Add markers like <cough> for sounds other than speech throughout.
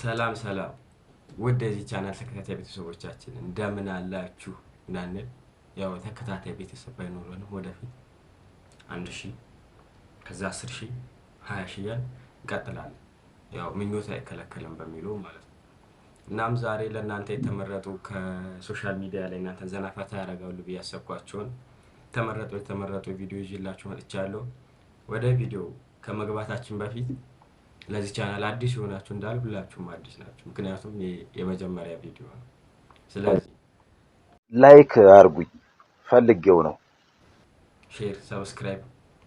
ሰላም ሰላም ውድ የዚህ ቻናል ተከታታይ ቤተሰቦቻችን እንደምን አላችሁ? እናንል ያው ተከታታይ ቤተሰብ ባይኖረንም ወደፊት አንድ ሺህ ከዛ አስር ሺህ ሀያ ሺህ እያልን እንቀጥላለን። ያው ምኞት አይከለከልም በሚለው ማለት ነው። እናም ዛሬ ለእናንተ የተመረጡ ከሶሻል ሚዲያ ላይ እናንተን ዘና ፈታ ያደርጋሉ ብዬ ያሰብኳቸውን ተመረጡ የተመረጡ ቪዲዮ ይዤላችሁ መጥቻለሁ። ወደ ቪዲዮ ከመግባታችን በፊት ለዚህ ቻናል አዲስ የሆናችሁ እንዳል ሁላችሁም አዲስ ናችሁ፣ ምክንያቱም የመጀመሪያ ቪዲዮ ነው። ስለዚህ ላይክ አርጉኝ ፈልጌው ነው። ሼር፣ ሰብስክራይብ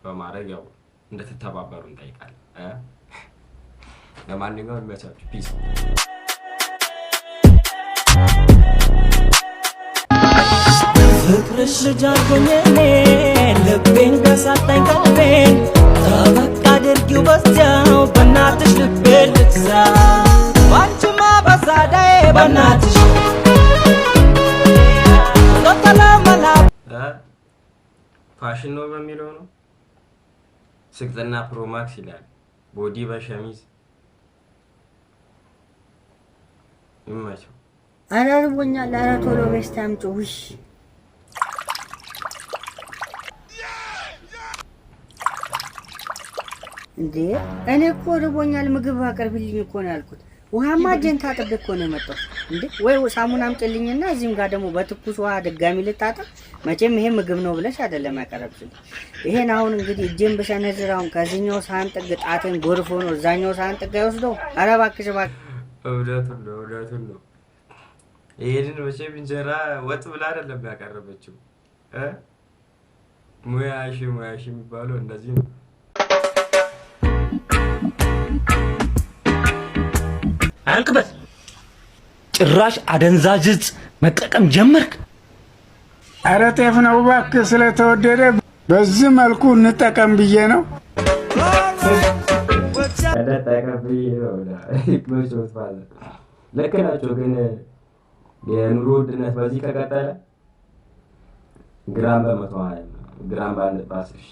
በማድረግ ያው እንደተተባበሩ እንጠይቃለን። ለማንኛውም ይመቻችሁ። ፒስ ፍቅርሽ ጃርጎኝ ልቤን ከሳታኝ ቀልቤን አድርጊው በዚያው በናትሽ ልቤ ልግዛ ባንቺማ በሳዳዬ በናትሽ ፋሽን ነው በሚለው ነው። ስቅጥና ፕሮማክስ ይላል። ቦዲ በሸሚዝ ይመቸው። አረ ርቦኛል። አረ ቶሎ ቤስታም ጭውሽ እንዴ እኔ እኮ ርቦኛል፣ ምግብ አቅርብልኝ እኮ ነው ያልኩት። ውሃማ ደንታ አጥቤ እኮ ነው የመጣው። እንዴ ወይ ሳሙን አምጪልኝና እዚህም ጋር ደግሞ በትኩስ ውሃ ድጋሚ ልታጠብ። መቼም ይሄ ምግብ ነው ብለሽ አይደለም ያቀረብሽኝ። ይሄን አሁን እንግዲህ እጄን ብሰነዝር አሁን ከዚህኛው ሳህን ጥግ ጣቴን ጎርፎ ነው እዛኛው ሳህን ጥግ አይወስደው። ኧረ እባክሽ እባክሽ። እውነቱን ነው እውነቱን ነው። ይሄንን መቼም እንጀራ ወጥ ብላ አይደለም ያቀረበችው። ሙያሽ ሙያሽ የሚባለው እንደዚህ ነው። አያልቅበት። ጭራሽ አደንዛዥ ዕፅ መጠቀም ጀመርክ? አረ ጤፍ ነው እባክህ፣ ስለተወደደ በዚህ መልኩ እንጠቀም ብዬ ነው። ልክ ናቸው፣ ግን የኑሮ ውድነት በዚህ ከቀጠለ ግራም በመቶ ግራም በአንድ ባስሽ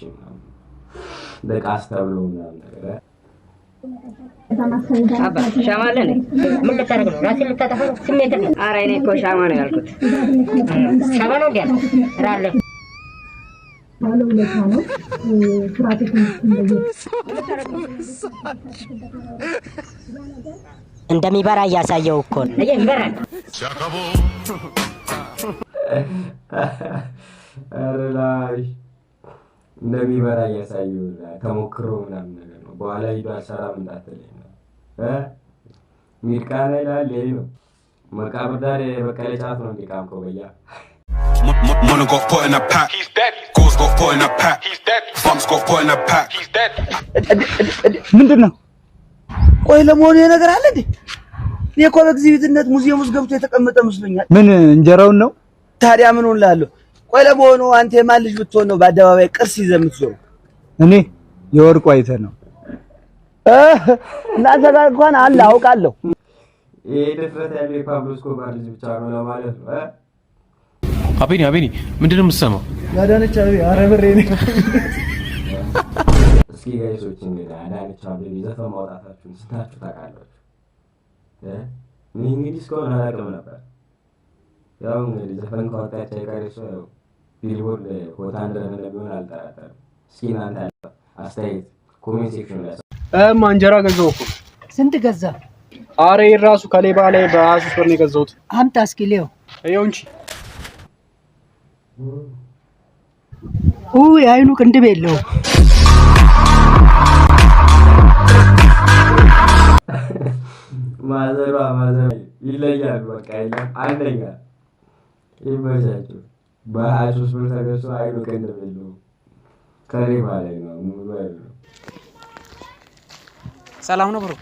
ደቃስ ተብሎ ምናምን ነገር ሻማ አለ እንዴ? ምን ልታደርግ ነው? ራሴን ልታጠፋ ነው? ስሜት ነው። ኧረ እኔ እኮ ሻማ ነው ያልኩት። ሻማ ነው እንዴ? ራለ እንደሚበራ እያሳየው እኮ ነው። ይበራል። እንደሚበራ እያሳየው ተሞክሮ ምናምን ነገር በኋላ ሂዶ አሻራ እንዳትለኝ ነው ሚርቃና ይላል። ነው መቃብር ዳር የበቀለ ጫት ነው የሚቃምከው በያ ምንድን ነው? ቆይ ለመሆኑ ነገር አለ እንዴ? እኔ እኮ ሙዚየም ውስጥ ገብቶ የተቀመጠ መስሎኛል። ምን እንጀራውን ነው ታዲያ? ምን ሆንላለሁ? ቆይ ለመሆኑ አንተ የማን ልጅ ብትሆን ነው በአደባባይ ቅርስ ይዘህ የምትዞረው? እኔ የወርቁ አይተህ ነው እናንተ ጋር እንኳን አለ አውቃለሁ። አቤኒ አቤኒ፣ ምንድን ነው የምትሰማው? ያዳነች አቤ፣ ኧረ ብሬ ነው። እስኪ ጋይሶች እንግዲህ አዳነች አቤ ዘፈን ማውጣታችሁን ስታችሁ ታውቃላችሁ። እንግዲህ እስካሁን አላውቅም ነበር። ያው እንግዲህ ዘፈን ከወጣች አይቀር ቢልቦርድ ቦታ እንደምን ቢሆን አልጠራጠርም። እስኪ እናንተ አስተያየት ኮሜንት ሴክሽን ላይ እማ እንጀራ ገዛው እኮ። ስንት ገዛ? አረ ራሱ ከሌባ ላይ በሀያ ሦስት ብር ነው የገዛሁት። አምጣ እስኪ ሌው ይኸው እንጂ የአይኑ ቅንድብ የለው። ማዘሯ ማዘሯ ይለያሉ። በቃ አንደኛ ይመቻቸው። በሀያ ሦስት ብር ተገዝቶ አይኑ ቅንድብ የለው ከሌባ ላይ ነው። ሙሉ ሰላም ነው ብሩ?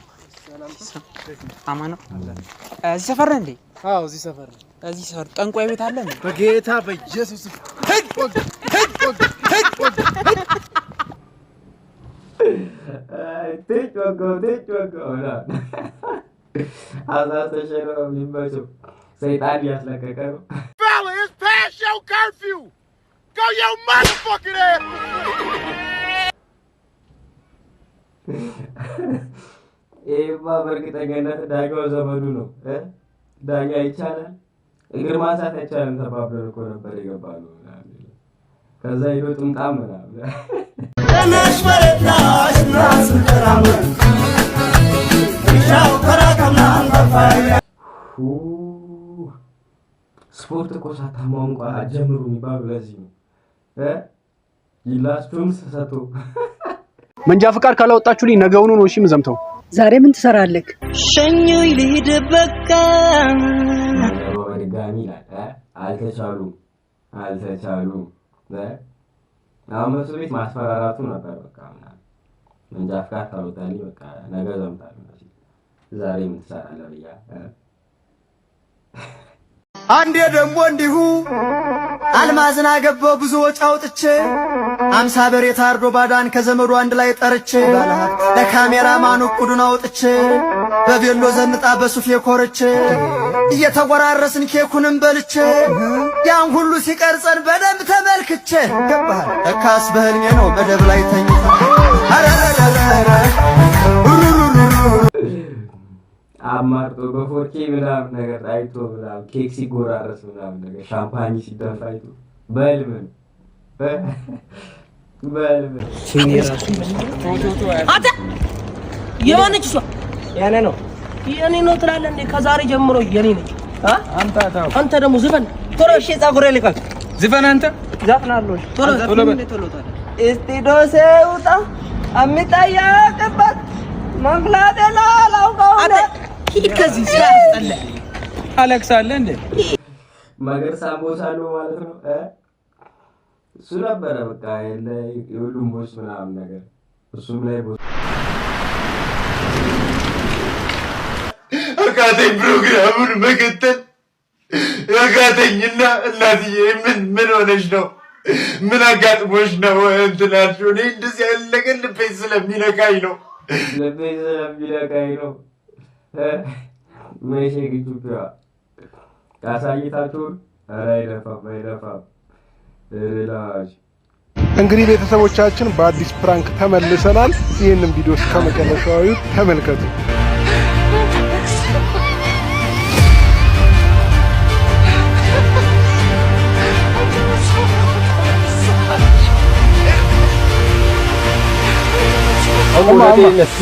አማን ነው። እዚህ ሰፈር እንዴ? አዎ እዚህ ሰፈር ነው። እዚህ ሰፈር ጠንቋይ ቤት አለ እንዴ? በጌታ በኢየሱስ ሄድ ወግ ሄድ ወግ ሄድ ወግ ሰይጣን ያስለቀቀ ነው። ይህማ በእርግጠኛነት ዳጋው ዘመዱ ነው። ዳጋ ይቻላል እግር ማንሳት አይቻልም ተባብለን እኮ ነበር ይገባሉ። ከዛ ሄዶ ጥምጣም ምናምን ተነሽ በረታሽ ስፖርት እኮ አጀምሩ የሚባሉ ለዚህ ነው። ይላችሁም ሰቶ መንጃ ፍቃድ ካላወጣችሁ ካላወጣችሁልኝ ነገውኑ ነው። እሺ ምዘምተው ዛሬ ምን ትሰራለህ? ሸኞይ ልሂድ በቃ ድጋሚ አልተቻሉ አልተቻሉ አሁን መቶ ቤት ማስፈራራቱ ነበር። በቃ መንጃ ፍቃድ ካልወጣልኝ በቃ ነገ ዘምታል። ዛሬ ምን ትሰራለህ ብያ አንዴ ደግሞ እንዲሁ አልማዝን አገባው ብዙ ወጪ አውጥቼ አምሳ በሬ ታርዶ ባዳን ከዘመዱ አንድ ላይ ጠርቼ ለካሜራ ማኑ ቁዱን አውጥቼ በቤሎ ዘንጣ በሱፌ ኮርቼ እየተወራረስን ኬኩንም በልቼ ያን ሁሉ ሲቀርጸን በደንብ ተመልክቼ ገባህ እካስ በህልሜ ነው መደብ ላይ ተኝታ አማርጦ በፎርኬ ምናምን ነገር አይቶ ምናምን ኬክ ሲጎራረስ ምናምን ነገር ሻምፓኝ ሲደፋ አይቶ በልምን በልምን የማነች እሷ የኔ ነው የኔ ነው ትላለህ እንዴ? ከዛሬ ጀምሮ የኔ ነች። አንተ ደግሞ ዝፈን ቶሎ። እሺ ጸጉሬ ልቀቅ። ዝፈን አንተ ዘፍናለሁ። ቶሎ ቶሎ ቶሎ እስቲ ዶሴ ውጣ ሂድ ከዚህ ስላስጠላ አለቅሳለህ እንዴ? መገር ሳቦሳ ነው ማለት ነው። እሱ ነበረ በቃ የሁሉም ቦስ ምናምን ነገር እሱም ላይ ቦስ አቃተኝ። ፕሮግራሙን መከተል አቃተኝና እናትዬ ምን ምን ሆነች ነው ምን አጋጥሞች ነው እንትናቸው እኔ እንደዚህ ያለቀን ልቤት ስለሚነካኝ ነው ልቤት ስለሚነካኝ ነው መቼ ግጁብያ ያሳይታችሁን። ኧረ አይለፋም አይለፋም። እንግዲህ ቤተሰቦቻችን በአዲስ ፕራንክ ተመልሰናል። ይህንን ቪዲዮ እስከ መጨረሻው ተመልከቱ።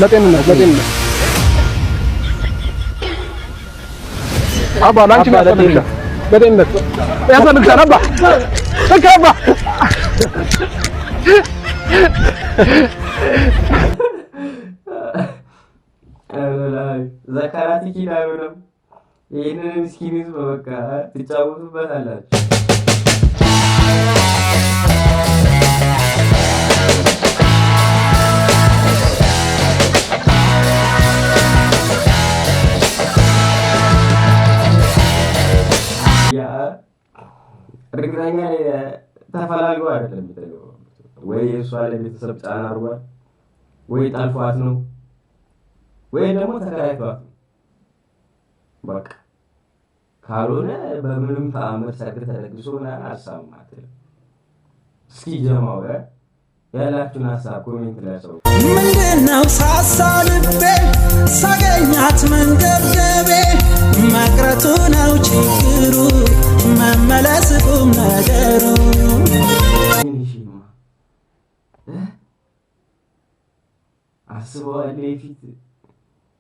ለጤንነት ለጤንነት አባ ላንቺ ያስፈልግሻል፣ በጤንነት ዘካራት ኪዳኑ ይህንን ምስኪን ህዝብ በቃ ትጫወቱበት ወይ የእሷ ለቤተሰብ ጫና አድርጓል፣ ወይ ጠልፏት ነው፣ ወይ ደግሞ ተከራይቷት ነው። በቃ ካልሆነ በምንም ተአምር ሰርግ ተደግሶ ምናምን አልሳማት። እስኪ ጀማው ያላችሁን ሀሳብ ኮሜንት ላይ ሰው ምንድነው ሳሳ ልቤ ሳገኛት መንደብደቤ መቅረቱ ነው ችግሩ መመለስ ቁም ነገሩ አስበ እኔ ፊት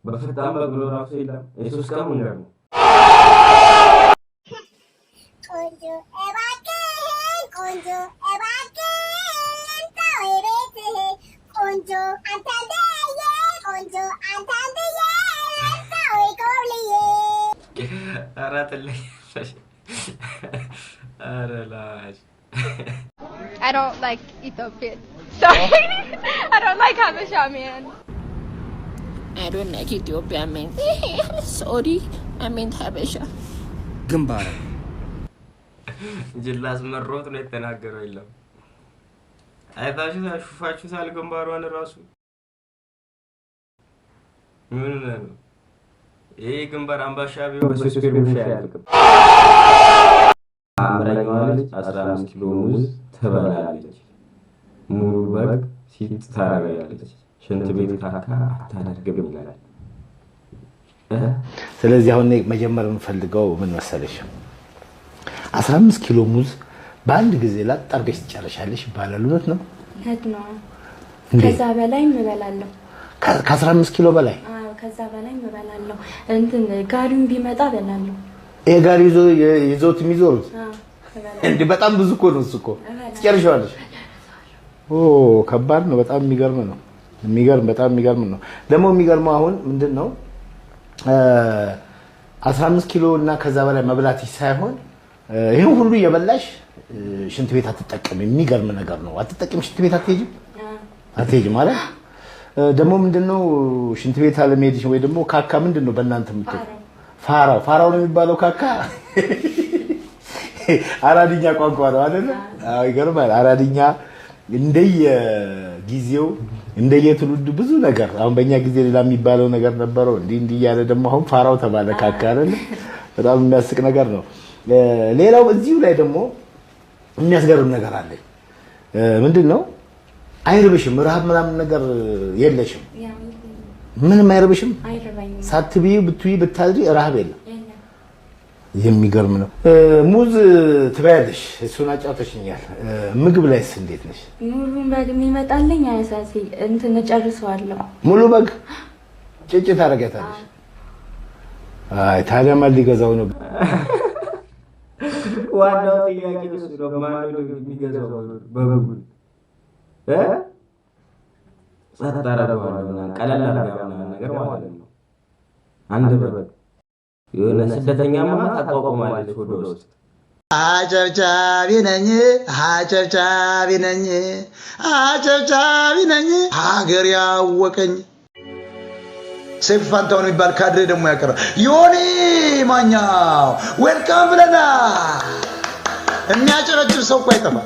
በፈጣን በግሎ ራሱ የለም። የሶስት ቀን መንገድ ነው። ቆንጆ Ethiopian. Sorry, <laughs> I don't like Habesha man. I don't like Ethiopia man. <laughs> Sorry, I meant Habesha. ግንባር ጅላ አስመሮት ነው የተናገረው። የለም አይታችሁ ሹፋችሁታል። ግንባሯን ራሱ ምን ነው ይህ ግንባር አምባሻ ቢሆን በሶስት ኪሎ ብቻ አያልቅም። አምረኛዋ ልጅ አስራ አምስት ኪሎ ሙዝ ትበላለች። ሙሉ በግ ሲጥ ታረጋለች፣ ሽንት ቤት ካካ አታደርግም ይላል። ስለዚህ አሁን መጀመር የምፈልገው ምን መሰለሽ፣ 15 ኪሎ ሙዝ በአንድ ጊዜ ላጥ አድርገሽ ትጨርሻለሽ ይባላል። እውነት ነው? ከዛ በላይ እበላለሁ። ከ15 ኪሎ በላይ ከዛ በላይ እበላለሁ። እንትን ጋሪውን ቢመጣ እበላለሁ። ይሄ ጋሪ ይዞት የሚዞሩት እንደ በጣም ብዙ እኮ ነው። እሱ እኮ ትጨርሻለሽ ኦ ከባድ ነው። በጣም የሚገርም ነው። የሚገርም በጣም የሚገርም ነው። ደግሞ የሚገርመው አሁን ምንድን ነው 15 ኪሎ እና ከዛ በላይ መብላት ሳይሆን ይህን ሁሉ የበላሽ ሽንት ቤት አትጠቀም። የሚገርም ነገር ነው። አትጠቀም፣ ሽንት ቤት አትሄጂም፣ አትሄጂም ማለት ደግሞ ምንድነው ሽንት ቤት አለመሄድሽ ወይ ደግሞ ካካ ምንድነው በእናንተ የምትለው ፋራው ፋራው ነው የሚባለው ካካ አራድኛ ቋንቋ ነው አይደለ? ይገርማል። አራድኛ እንደየ ጊዜው እንደየትውልዱ ብዙ ነገር አሁን በእኛ ጊዜ ሌላ የሚባለው ነገር ነበረው። እንዲህ እንዲህ እያለ ደግሞ አሁን ፋራው ተባለ ካካ በጣም የሚያስቅ ነገር ነው። ሌላው እዚሁ ላይ ደግሞ የሚያስገርም ነገር አለ። ምንድን ነው አይርብሽም፣ ረሃብ ምናምን ነገር የለሽም፣ ምንም አይርብሽም። ሳትብዪ ብትይ ብታድሪ ረሃብ የለም። የሚገርም ነው። ሙዝ ትበያለሽ፣ እሱን አጫውተሽኛል። ምግብ ላይስ እንዴት ነሽ? ሙሉ በግ የሚመጣልኝ አያሳሲ እንትን እጨርሰዋለሁ። ሙሉ በግ ጭጭ ታደርጊያታለሽ። አይ ታዲያ ማን ሊገዛው ነው? <laughs> ዋናው ጥያቄ እሱ ነው። ማን የሚገዛው በበጉ ጸጥ አደረገዋለሁ። ቀለል ነገር ማለት ነው አንድ በበግ የሆነ ስደተኛ ስደተኛማ ታቋቁማለች ወደ ውስጥ አጨብጫቢ ነኝ አጨብጫቢ ነኝ አጨብጫቢ ነኝ ሀገር ያወቀኝ። ሴፍ ፋንታሁን የሚባል ካድሬ ደግሞ ያቀረ ዮኒ ማኛው ዌልካም ብለና የሚያጨበጭብ ሰው እኮ አይጠፋም።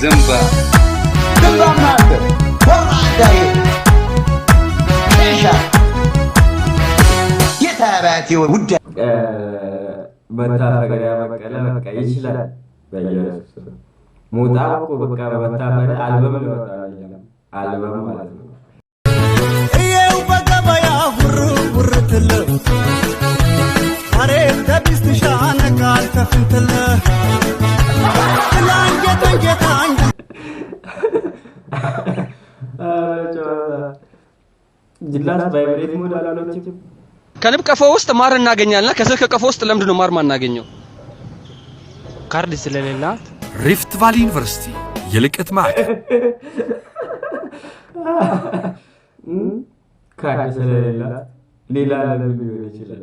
ዝንባ ዝንባ ማርገር ወማዳይ ሻ የታባት ውዳ መታፈሪያ በቀለ በቃ ይችላል። በኢየሱስ ሞጣ እኮ በቃ መታፈሪያ አልበም ሊወጣ አልበም ማለት ነው። እየው በገበያ ጉር ጉር አሬ ተቢስትሻ ነቃል ተፍንትል ከልብ ቀፎ ውስጥ ማር እናገኛልና ከስልክ ቀፎ ውስጥ ለምንድን ነው ማር ማናገኘው? ካርድ ስለሌላት። ሪፍት ቫሊ ዩኒቨርሲቲ የልቀት ማዕከል <laughs> ካርድ ስለሌላት ሌላ ለምን ሊሆን ይችላል?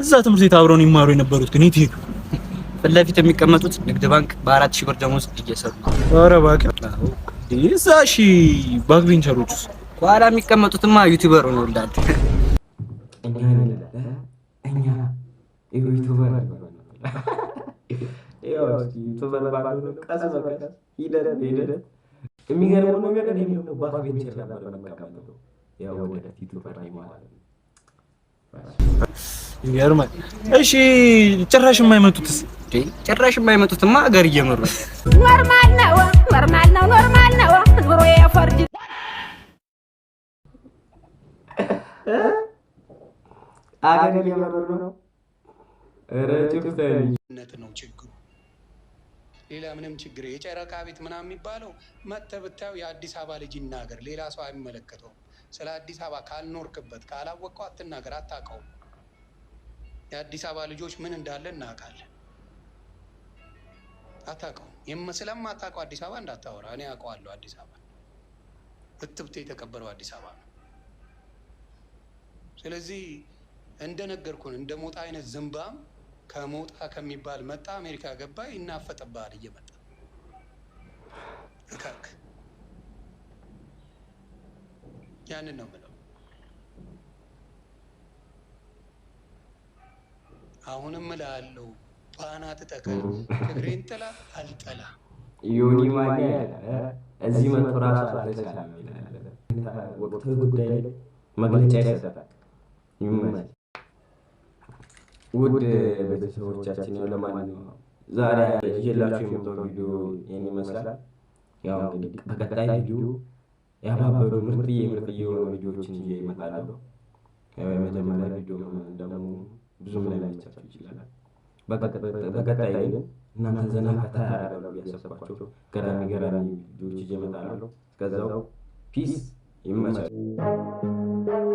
እዛ ትምህርት ቤት አብረውን ይማሩ የነበሩት ግን የት ሄዱ? ፊት ለፊት የሚቀመጡት ንግድ ባንክ በአራት ሺህ ብር ደሞዝ እየሰሩ ነው። ኧረ እባክህ እዛ ሺ ባክ ቬንቸሮች ውስጥ በኋላ የሚቀመጡትማ ዩቲዩበር ነው ይላል። እኛ ይገርማል። እሺ ጭራሽ የማይመጡትስ? ጭራሽ የማይመጡትማ ሀገር እየመሩ ኖርማል ነው፣ ኖርማል ነው፣ ኖርማል ነው። ነው ችግሩ ሌላ ምንም ችግር የጨረቃ ቤት ምናምን የሚባለው መተህ ብታየው የአዲስ አበባ ልጅ ይናገር፣ ሌላ ሰው አይመለከተውም። ስለ አዲስ አበባ ካልኖርክበት ካላወቀው አትናገር፣ አታውቀውም የአዲስ አበባ ልጆች ምን እንዳለ እናውቃለን። አታውቀውም። ስለማታውቀው አዲስ አበባ እንዳታወራ። እኔ አውቀዋለሁ። አዲስ አበባ እትብቴ የተቀበረው አዲስ አበባ ነው። ስለዚህ እንደነገርኩን እንደ ሞጣ አይነት ዝንባም ከሞጣ ከሚባል መጣ፣ አሜሪካ ገባ፣ ይናፈጥብሃል እየመጣ እከክ ያንን ነው። አሁንም እልሃለሁ ጳና ትጠቀል ትግሬን ጥላ አልጠላ ዮኒ ማኛ እዚህ መቶ ራሱ ወቅታዊ ጉዳይ ላይ መግለጫ ይሰጣል። ውድ ቤተሰቦቻችን ያው ለማንኛውም ዛሬ ይዤላችሁ ቪዲዮ ይህን ይመስላል። ያው እንግዲህ በቀጣይ ቪዲዮ ያባበሩ ምርጥዬ ምርጥዬ የሆኑ ይዤ እመጣለሁ። የመጀመሪያ ቪዲዮ ደግሞ ብዙም ላይ ላይቻችሁ ይችላል። በቀጣይ ግን እናንተ ዘና ፈታ ያደረጉ ያሰብኳቸው ገራሚ ገራሚ ልጆች ይዤ እመጣለሁ። እስከዛው ፒስ ይመቻል።